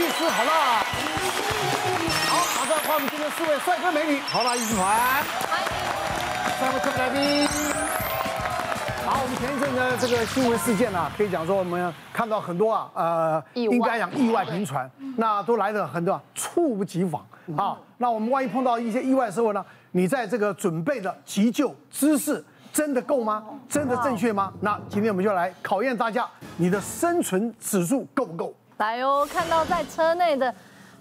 醫師好辣，好，馬上換我們今天四位帥哥美女，好了，好辣團，歡迎三位特別來賓。好，我們前一陣的這個新聞事件呢、啊，可以講說我們看到很多啊，呃，應該講意外頻傳，那都來的很多、啊，猝不及防啊、嗯。那我們萬一碰到一些意外的時候呢，你在這個準備的急救知識真的夠嗎？真的正確嗎？那今天我們就來考驗大家，你的生存指數夠不夠？來哦，看到在車內的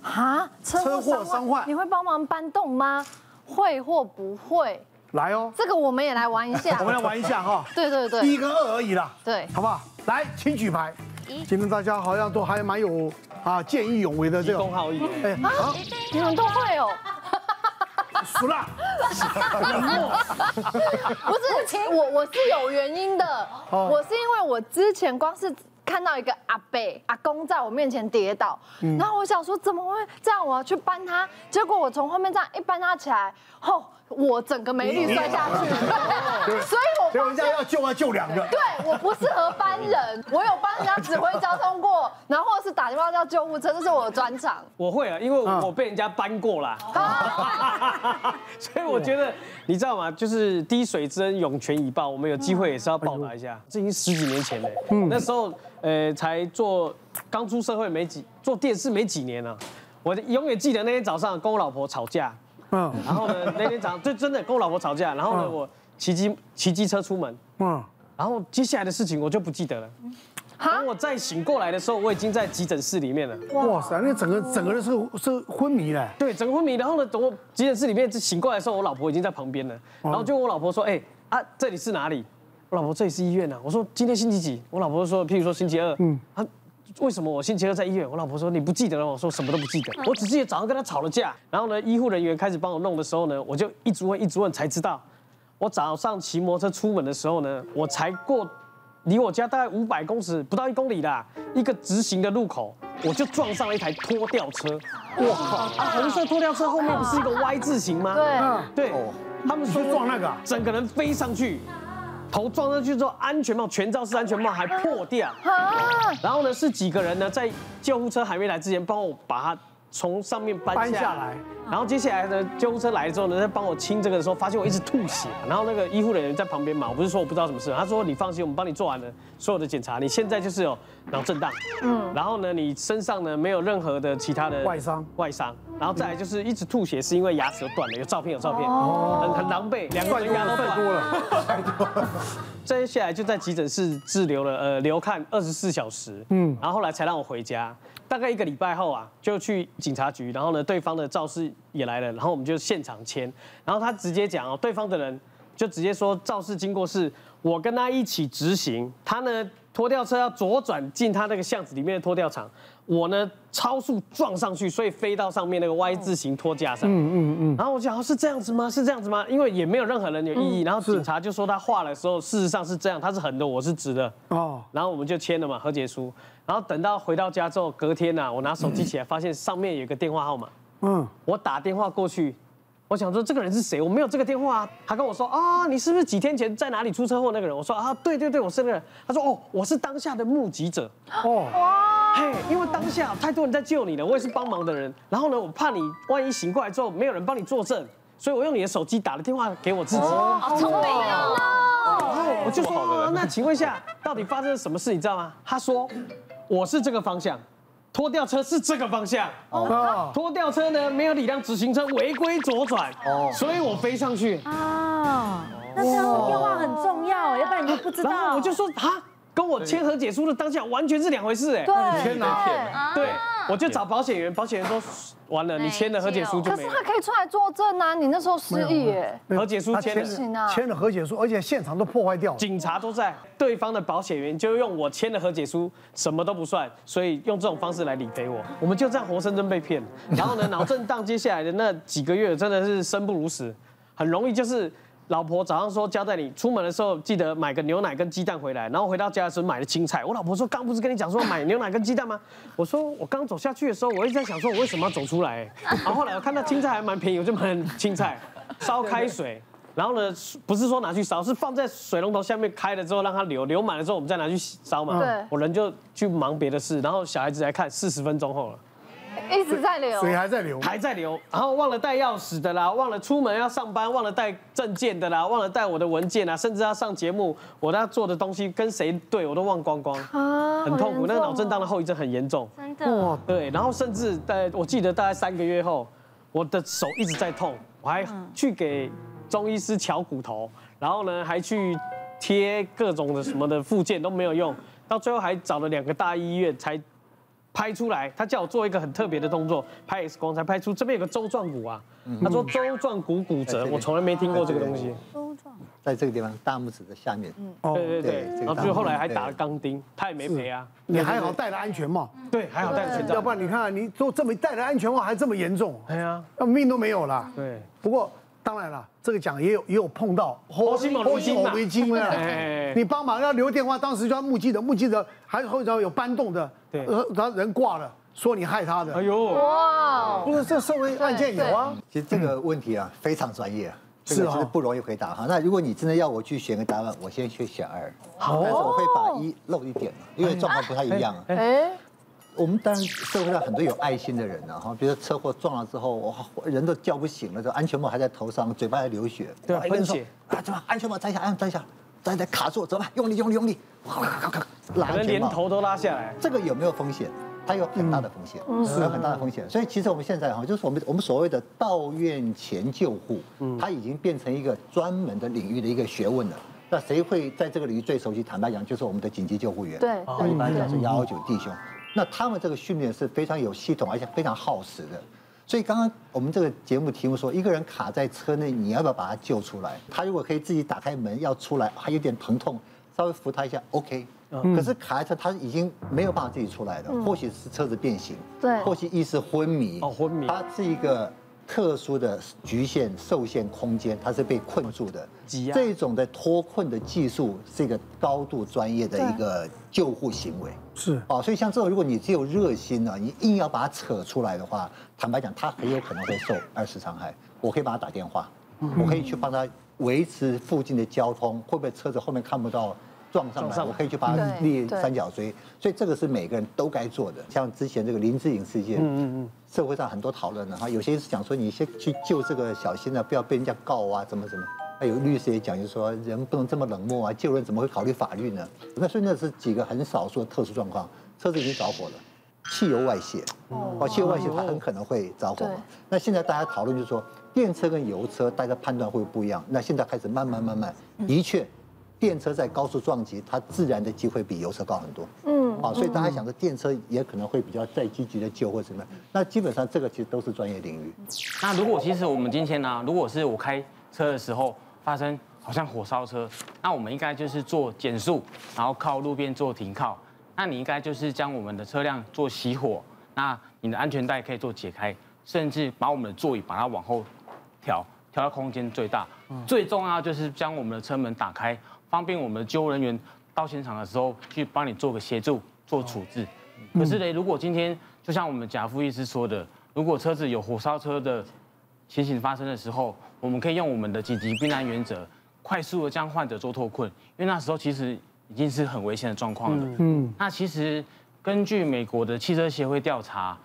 啊車禍傷患，你會幫忙搬動嗎？會或不會？來哦，這個我們也來玩一下， 我們來玩一下哈、哦。對對對，第一跟二而已啦。對，好不好？來，請舉牌。一今天大家好像都還蠻有啊見義勇為的這種好意，哎、啊，你們都會哦。死了。不是， 不是我，我是有原因的、哦。我是因為我之前光是。看到一個阿伯、阿公在我面前跌倒，嗯，然後我想說怎麼會這樣？我要去搬他。結果我從後面這樣一搬他起來，吼！我整個沒力，摔下去，所以我不。人家要救要救兩個。對，我不適合搬人，我有幫人家指揮交通過，然後或者是打電話叫救護車，這是我的專長。我會啊，因為我被人家搬過啦。所以我覺得，你知道嗎？就是滴水之恩，湧泉以報。我們有機會也是要報答一下。這已經十幾年前了，欸，那時候呃，才做剛出社會沒幾做電視沒幾年了，啊。我永遠記得那天早上跟我老婆吵架。嗯，然後呢？那天早上就真的跟我老婆吵架，然後呢，嗯、我騎機騎機車出門，嗯，然後接下來的事情我就不記得了。然等我再醒過來的時候，我已經在急診室裡面了。哇塞，那整個整個是是昏迷了。對，整個昏迷。然後呢，等我急診室裡面醒過來的時候，我老婆已經在旁邊了。然後就問我老婆說：“哎、欸、啊，這裡是哪裡？”我老婆：“這裡是醫院啊。”我說：“今天星期幾？”我老婆說：“譬如說星期二。嗯”嗯。為什麼我星期六在醫院？我老婆說，你不記得了。我說什麼都不記得，我只記得早上跟他吵了架。然後呢，醫護人員開始幫我弄的時候呢，我就一直問，一直問，才知道，我早上騎摩托車出門的時候呢，我才過離我家大概五百公尺，不到一公里啦，一個直行的路口，我就撞上了一台拖吊車。哇靠！啊，紅色拖吊車後面不是一個 Y 字形嗎？對，對，他們說撞那個，整個人飛上去。頭撞上去之後，安全帽全罩式安全帽還破掉。然後呢，是幾個人呢，在救護車還沒來之前，幫我把它從上面搬下來。然後接下來呢，救護車來之後呢，在幫我清這個的時候，發現我一直吐血。然後那個醫護人員在旁邊嘛，我不是說我不知道什麼事，他說你放心，我們幫你做完了所有的檢查，你現在就是有腦震盪。嗯，然後呢，你身上呢沒有任何的其他的外傷，外傷。然後再來就是一直吐血，是因為牙齒斷了，有照片有照片，哦，很很狼狽，兩塊牙都斷多了，太多了。接下來就在急診室滯留了，呃，留看二十四小時，嗯，然後後來才讓我回家。大概一個禮拜後啊，就去警察局，然後呢，對方的肇事也來了，然後我們就現場簽，然後他直接講哦，對方的人就直接說肇事經過是我跟他一起執行，他呢。拖吊車要左轉進他那個巷子裡面的拖吊場，我呢超速撞上去，所以飛到上面那個 Y 字形拖架上。嗯嗯嗯。然後我講是這樣子嗎？是這樣子嗎？因為也沒有任何人有異議、嗯。然後警察就說他畫的時候，事實上是這樣，他是橫的，我是直的。哦。然後我們就簽了嘛，和解書。然後等到回到家之後，隔天吶、啊，我拿手機起來，發現上面有一個電話號碼。嗯。我打電話過去。我想說這個人是誰？我沒有這個電話啊！他跟我說啊，你是不是幾天前在哪裡出車禍那個人？我說啊，對對對，我是那個人。他說哦，我是當下的目擊者哦，哇，嘿，因為當下太多人在救你了，我也是幫忙的人。然後呢，我怕你萬一醒過來之後沒有人幫你作證，所以我用你的手機打了電話給我自己。哦、oh. oh. oh. oh.，好聰明哦。我就說、oh. 那請問一下，到底發生了什麼事？你知道嗎？他說我是這個方向。拖吊車是這個方向哦，拖吊車呢沒有禮讓直行車，違規左轉哦，所以我飛上去。啊但是我電話很重要，要不然你就不知道。啊、我就說啊，跟我簽和解書的當下完全是兩回事哎。對，天哪，對。對我就找保險員，保險員說，完了，你簽了和解書就沒了。可是他可以出來作證啊！你那時候失憶耶，和解書簽了，簽了和解書，而且現場都破壞掉了，警察都在。對方的保險員就用我簽的和解書，什麼都不算，所以用這種方式來理賠我。我們就這樣活生生被騙，然後呢，腦震盪，接下來的那幾個月真的是生不如死，很容易就是。老婆早上說交代你出門的時候記得買個牛奶跟雞蛋回來，然後回到家的時候買了青菜。我老婆說剛剛不是跟你講說買牛奶跟雞蛋嗎？我說我剛走下去的時候，我一直在想說我為什麼要走出來，然後後來我看到青菜還蠻便宜，我就買青菜。燒開水，對對，然後呢不是說拿去燒，是放在水龍頭下面開了之後讓它流，流滿了之後我們再拿去燒嘛。對，我人就去忙別的事，然後小孩子來看，四十分鐘後了。一直在流，水還在流，還在流。然後忘了帶鑰匙的啦，忘了出門要上班，忘了帶證件的啦，忘了帶我的文件啊，甚至要上節目，我要做的東西跟誰對，我都忘光光，很痛苦。哦、那個腦震盪的後遺症很嚴重，真的，對。然後甚至在，我記得大概三個月後，我的手一直在痛，我還去給中醫師敲骨頭，然後呢，還去貼各種的什麼的附件都沒有用，到最後還找了兩個大醫院才。拍出來，他叫我做一個很特別的動作，拍 X 光才拍出這邊有個舟狀骨啊、嗯。他說舟狀骨骨折，我從來沒聽過這個東西。舟、啊、狀，在這個地方，大拇指的下面。哦、嗯，對對對，對，對，對，對、這個。然後最後來還打了鋼釘，他也沒賠啊。對對，你還好戴了安全帽，對，還好戴了安全帽，要不然你看你都這麼戴了安全帽還這麼嚴重，哎呀、啊，要命都沒有了。對，不過。當然了，這個獎也有也有碰到，毛巾毛巾圍巾啊，你幫忙要留電話，當時就要目擊者，目擊者還是後頭有搬動的，對，然後人掛了，說你害他的，哎呦，哇，不是這社會案件有啊，嗯、其實這個問題啊非常專業、啊，是不容易回答哈、啊。哦、那如果你真的要我去選個答案，我先去選二，好，但是我會把一漏一點、啊，因為狀況不太一樣、啊。啊欸欸我們當然社會上很多有愛心的人呢，哈，比如說車禍撞了之後，哇，人都叫不醒了，安全帽還在頭上，嘴巴還流血，對，分析，啊，怎麼安全帽摘下？哎，摘下，摘下，摘下，摘下卡住，走吧，用力用力用力，哇咔咔咔，卡卡，安全帽，連頭都拉下來。這個有沒有風險？它有很大的風險，嗯、有很大的風險。所以其實我們現在哈，就是我們我們所謂的到院前救護、嗯，它已經變成一個專門的領域的一個學問了。那誰會在這個領域最熟悉？坦白講，就是我們的緊急救護員，對，一般來講是幺幺九弟兄。嗯那他們這個訓練是非常有系統，而且非常耗時的。所以剛剛我們這個節目題目說，一個人卡在車內，你要不要把他救出來？他如果可以自己打開門要出來，還有點疼痛，稍微扶他一下，OK。可是卡在車，他已經沒有辦法自己出來了，或許是車子變形，對，或許意識昏迷，哦，昏迷，他是、這、一個。特殊的局限、受限空間，它是被困住的。這種的脫困的技術是一個高度專業的一個救護行為。是啊，所以像這種，如果你只有熱心啊，你硬要把它扯出來的話，坦白講，他很有可能會受二次傷害。我可以幫他打電話，我可以去幫他維持附近的交通，會不會車子後面看不到？撞上了，我可以去把它立三角錐，所以這個是每個人都該做的。像之前這個林志穎事件，嗯嗯、社會上很多討論的、啊、哈，有些人是講說，你先去救這個小心啊，不要被人家告啊，怎麼怎麼。還有律師也講，就是說人不能這麼冷漠啊，救人怎麼會考慮法律呢？那所以那是幾個很少數的特殊狀況。車子已經着火了，汽油外洩，哦、嗯，汽油外洩它很可能會着火，嗯。那現在大家討論就是說，電車跟油車大家判斷會不一樣。那現在開始慢慢慢慢，的、嗯、確。電車在高速撞擊，它自燃的機會比油車高很多。嗯，好，所以大家想着電車也可能會比較再積極的救或什麼。那基本上這個其實都是專業領域。那如果其實我們今天呢，啊，如果是我開車的時候發生好像火燒車，那我們應該就是做減速，然後靠路邊做停靠。那你應該就是將我們的車輛做熄火，那你的安全帶可以做解開，甚至把我們的座椅把它往後調，調到空間最大。嗯，最重要就是將我們的車門打開。方便我們的救護人員到現場的時候去幫你做個協助做處置，可是呢，如果今天就像我們賈蔚醫師說的，如果車子有火燒車的情形發生的時候，我們可以用我們的緊急避難原則，快速的將患者做脫困，因為那時候其實已經是很危險的狀況了。嗯，那其實根據美國的汽車協會調查，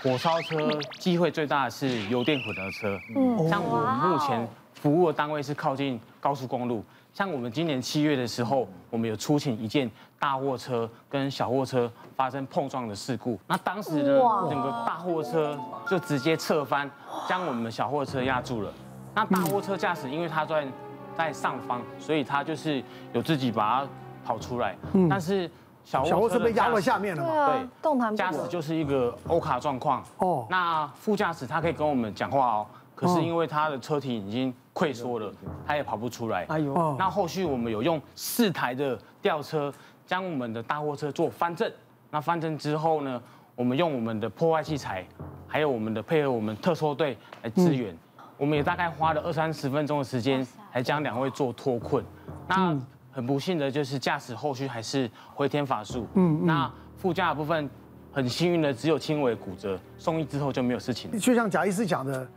火燒車機會最大的是油電混合車。嗯，像我們目前服務的單位是靠近高速公路。像我們今年七月的時候，我們有出警一件大貨車跟小貨車發生碰撞的事故。那當時呢，整個大貨車就直接側翻，將我們小貨車壓住了。那大貨車駕駛，因為它在在上方，所以它就是有自己把它跑出來。嗯、但是小貨車被壓在下面了嘛？對，動彈不了。駕駛就是一個歐卡狀況哦。那副駕駛他可以跟我們講話哦，可是因為他的車體已經。潰縮了，他也跑不出來。哎呦，那後續我們有用四台的吊車將我們的大貨車做翻正。那翻正之後呢，我們用我們的破壞器材，還有我們的配合我們特搜隊來支援、嗯。我們也大概花了二三十分鐘的時間，來將兩位做脫困、嗯。那很不幸的就是駕駛後續還是回天乏術。嗯，那副駕的部分很幸運的只有輕微骨折，送醫之後就沒有事情。就像賈醫師講的。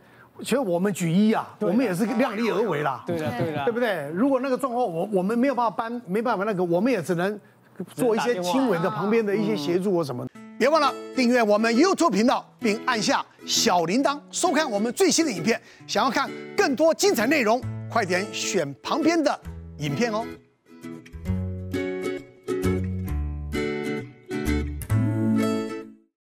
其實我們舉一啊，我們也是量力而為啦，對的對對，對不對？如果那個狀況我我們沒有辦法搬，沒辦法那個，我們也只能做一些輕微的旁邊的一些協助或什麼的、啊嗯。別忘了訂閱我們 YouTube 頻道，並按下小鈴鐺，收看我們最新的影片。想要看更多精彩內容，快點選旁邊的影片哦。